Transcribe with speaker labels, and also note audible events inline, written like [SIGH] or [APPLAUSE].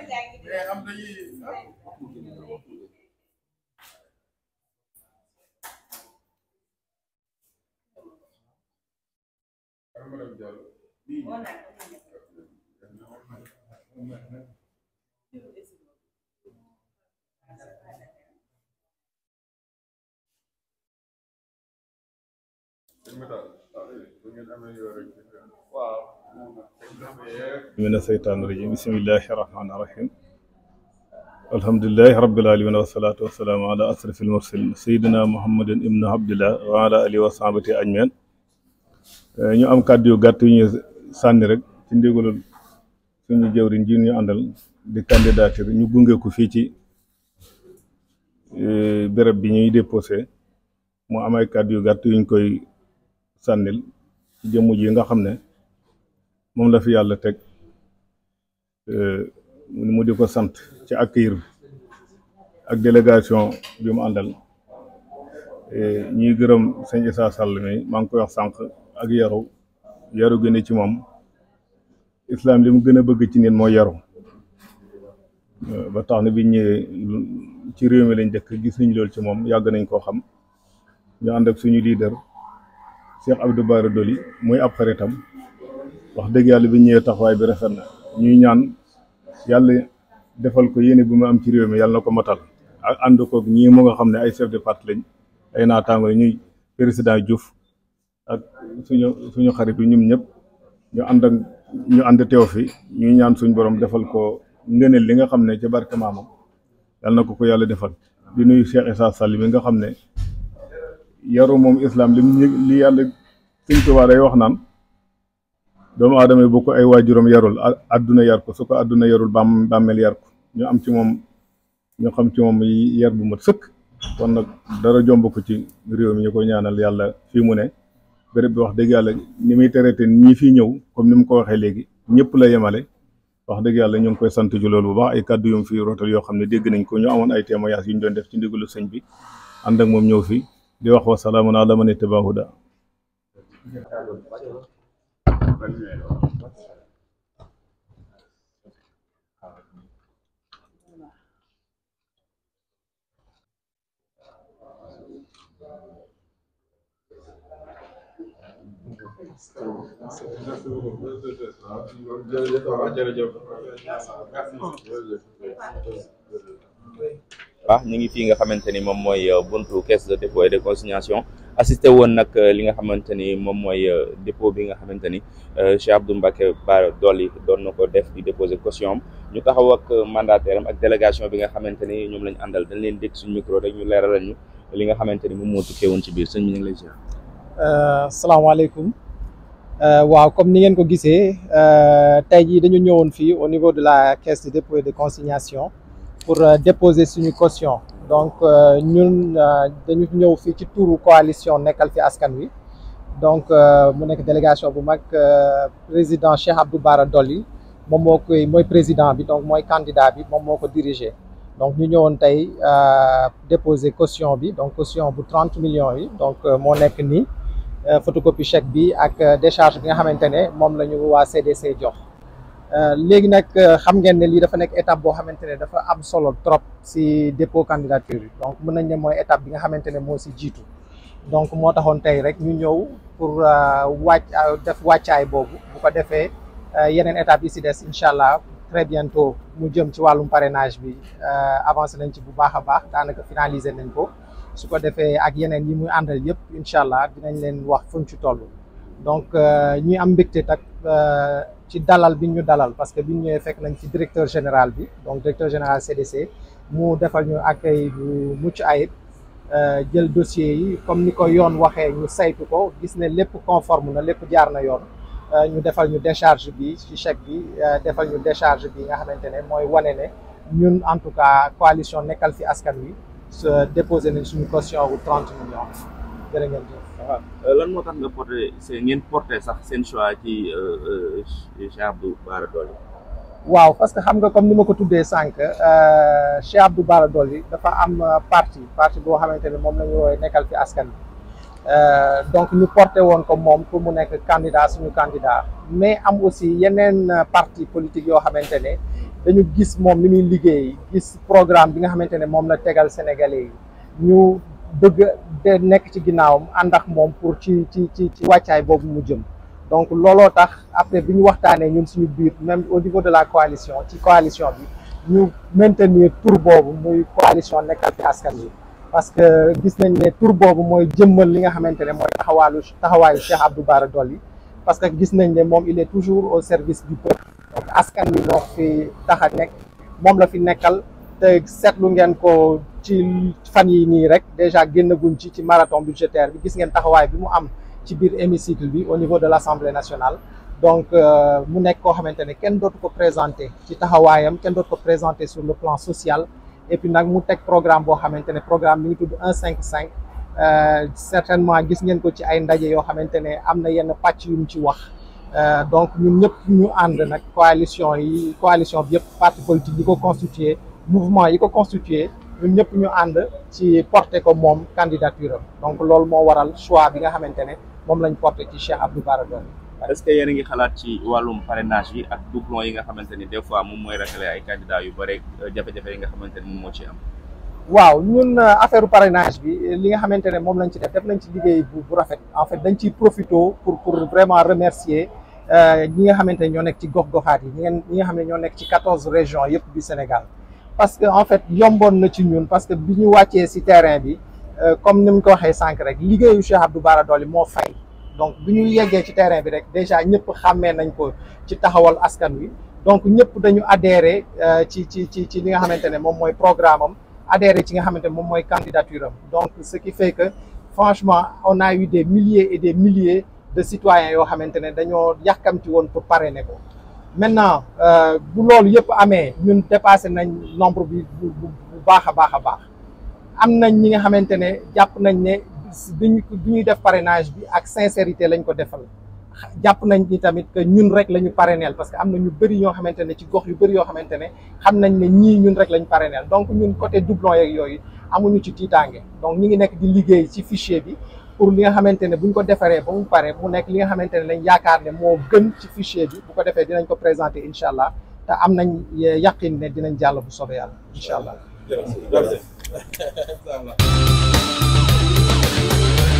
Speaker 1: am dañuy madame Diallo waaw من الشيطان الرجيم بسم الله الرحمن الرحيم الحمد لله رب العالمين والصلاة والسلام على أشرف المرسلين سيدنا محمد ابن عبد ñu am kàddu yu gàtt yu ñu sànni rek ci ndigalul suñu jëwriñ ji ñu àndal di candidature ñu gunge ko fii ci e, béréb bi ñuy déposé mu amay kàddu yu gàtt yuñ koy sànnil ci jëmm nga xam ne moom la fi yàlla teg eh, mu di ko sant ci ak accueil ak délégation bi mu àndal eh, ñuy gërëm sëñ Issa Sall mi maa ngi koy wax sànq ak yaru yaru gën ci moom islam li mu gën a bëgg ci nit moo yaru eh, ba tax na bi ñëwee ci réew mi lañ dëkk gis nañ lool ci moom yàgg nañ koo xam ñu ànd ak suñu leader Cheikh Abdou Bara Dolly muy ab xaritam wax dëgg yàlla bi ñëwee taxawaay bi rafet na ñuy ñaan yàlla defal ko yéene bi mu am ci réew mi yàlla na ko matal ak ànd kook ñii mu nga xam ne ay chef de parti lañ ay naataango ñuy président Diouf ak suñu suñu xarit yi ñun ñëpp ñu ànd ak ñu ànd teew fi ñuy ñaan suñu borom defal ko ngëneel li nga xam ne ci barke maamam yàlla na ko ko yàlla defal di nuyu Cheikh Issa Sall mi nga xam ne yaru moom islam li yàlla suñ tubaab day wax naan. doomu aadama bu ko ay waajuram yarul àdduna yar ko su ko àdduna yarul bàmm bàmmeel yar ko ñu am ci moom ñu xam ci moom yar bu mat sëkk kon nag dara jomb ko ci réew mi ñu ko ñaanal yàlla fii mu ne béréb bi wax dëgg yàlla ni muy traité ñi fii ñëw comme ni mu ko waxee léegi ñëpp la yemale wax dëgg yàlla ñu ngi koy sant ci loolu bu baax ay kàddu yum fi rotal yoo xam ne dégg nañ ko ñu amoon ay témoignage yu ñu doon def ci ndigalu sëñ bi ànd ak moom ñëw fi di wax wasalaamun ala man ittaba huda fanweer ah ñu ngi fii nga xamante ni moom mooy euh, buntu caisse de dépôt de consignation assisté woon nag euh, li nga xamante ni moom mooy euh, dépôt bi nga xamante ni euh, Cheikh Abdou Mbacké Bara Dolly doon na ko def di déposer caution am ñu taxaw ak mandataire am ak délégation bi nga xamante ni ñoom lañu àndal dañ leen dégg suñu micro rek ñu leeralal ñu li nga xamante ni moom moo tukkee woon ci biir sëñ bi ñu ngi lay ziar.
Speaker 2: salaamaaleykum waaw comme ni ngeen ko gisee tey jii dañu ñëwoon fii au niveau de la caisse de dépôt et de consignation pour déposer suñu caution. donc euh, ñun euh, dañu ñëw fii ci turu coalition nekkal fi askan wi donc euh, mu nekk délégation bu mag président Cheikh Abdou Bara Dolly moom moo koy mooy président bi donc mooy candidat bi moom moo ko dirigé donc ñu ñëwoon tey déposer caution bi donc caution bu trente millions yi donc moo nekk nii photocopie chèque bi ak décharge bi nga xamante ne moom la ñu waa CDC jox Euh, léegi nag euh, xam ngeen ne lii dafa nekk étape boo xamante ne dafa am solo trop si dépôt candidature yi donc mun nañ ne mooy étape bi nga xamante ne moo si jiitu donc moo taxoon tey rek ñu ñëw pour euh, wàcc def wàccaay boobu bu ko defee yeneen étape yi si des incha allah très bientôt mu jëm ci wàllum parrainage bi avancé nañ ci bu baax a baax daanaka finaliser nañ ko su ko defee ak yeneen yi muy àndal yëpp incha allah dinañ leen wax fuñ ci toll donc ñu am mbégte tak ci dalal bi ñu dalal parce que bi ñu ñëwee fekk nañ ci directeur général bi donc directeur général CDC mu defal ñu accueil bu mucc ayib euh, jël dossier yi comme ni ko yoon waxee ñu saytu ko gis ne lépp conforme na lépp jaar na yoon euh, ñu defal ñu décharge bi ci chèque bi euh, defal ñu décharge bi nga xamante ne mooy wane ne ñun en tout cas coalition nekkal fi askan wi déposé nañ suñu caution wu trente millions
Speaker 1: Eh, lan moo tax nga porté seen ngeen porté sax seen choix ci eh, eh, Cheikh Abdou Bara
Speaker 2: waaw parce que xam nga comme ni ma ko tuddee sànq Cheikh Abdou Bara Dolly dafa am parti parti boo xamante ne moom la ñu nekkal fi askan bi donc ñu porté woon ko moom pour mu nekk candidat suñu candidat mais am aussi yeneen parti politique yoo xamante ne dañu gis moom li muy liggéey gis programme bi nga xamante ne moom la tegal Sénégalais yi ñu bëgg nekk ci ginnaawam ànd ak moom pour ci ci ci ci wàccaay boobu mu jëm donc looloo tax après bi ñu waxtaanee ñun suñu biir même au niveau de la coalition ci coalition bi ñu maintenir tour boobu muy coalition nekkal fi askan wi parce que gis nañ ne tour boobu mooy jëmmal li nga xamante ne mooy taxawaalu taxawaayu Cheikh Abdou Bara Dolly parce que gis nañ ne moom il est toujours au service bi peuple askan wi moo fi tax a nekk moom la fi nekkal te seetlu ngeen ko ci fan yi nii rek déjà génnaguñ ci ci maraton budgétaire bi gis ngeen taxawaay bi mu am ci biir hémicycle bi au niveau de l'Assemblée nationale donc euh, mu nekk koo xamante ne kenn dootu ko présenter ci taxawaayam kenn dootu ko présenter sur le plan social et puis nag mu teg programme boo xamante ne programme bi ngi tudd un cinq cinq euh, certainement gis ngeen ko ci ay ndaje yoo xamante ne am na yenn pàcc yu mu ci wax euh, donc ñun ñëpp ñu ànd nag coalition yi coalition bi yëpp parti politique yi ko constitué mouvement yi ko constitué ñun ñëpp ñu ànd ci porté ko moom candidature am donc loolu moo waral choix bi nga xamante ne moom lañ porté ci Cheikh Abdou Bara Dolly
Speaker 1: est-ce que xalaat ci wàllum parrainage yi ak doublon yi nga xamante ni des fois moom mooy rakale ay candidats yu bare euh, jafe yi nga xamante ni moom moo ci am
Speaker 2: waaw ñun euh, affaire parrainage bi li nga xamante ne moom lañ ci def def nañ ci liggéey bu bu rafet en fait dañ ciy profito pour pour vraiment remercier euh, ñi nga xamante ne ñoo nekk ci gox-goxaat yi ñi ngeen ñi nga xam ne ñoo nekk ci quatorze régions yëpp bi Sénégal parce que en fait yomboon na ci ñun parce que bi ñu wàccee si terrain bi euh, comme ni mu ko waxee sànq rek liggéeyu Cheikh Abdou Bara Dolly moo fay donc bi ñu yeggee ci terrain bi rek déjà ñëpp xàmmee nañ ko ci taxawal askan wi donc ñëpp dañu adhéré euh, ci ci ci ci li nga xamante ne moom mooy programme am adhéré ci nga xamante ne moom mooy candidature am donc ce qui fait que franchement on a eu des milliers et des milliers de citoyens yoo xamante ne dañoo yàkkamti woon pour parrainer ko maintenant euh, bu loolu yëpp amee ñun dépassé nañ nombre bi bu baax a baax a baax am nañ ñi nga xamante ne jàpp nañ ne duñu du ñuy def parrainage bi ak sincérité lañ ko defal jàpp nañ ñi tamit que ñun rek la ñu parrainel parce que am na ñu bëri ñoo xamante ne ci gox yu bëri yoo xamante ne xam nañ ne ñii ñun rek la ñu parrainel donc ñun côté doublon yeeg yooyu amuñu ci tiitaange donc ñi ngi nekk di liggéey ci fichier bi pour li nga xamante ne buñ ko defaree ba mu pare mu nekk li nga xamante ne lañ yaakaar ne moo gën ci fichier bi bu ko defee dinañ ko présenter incha allah te am nañ yaqin ne dinañ jàll bu soobee yàlla incha allah. [LAUGHS]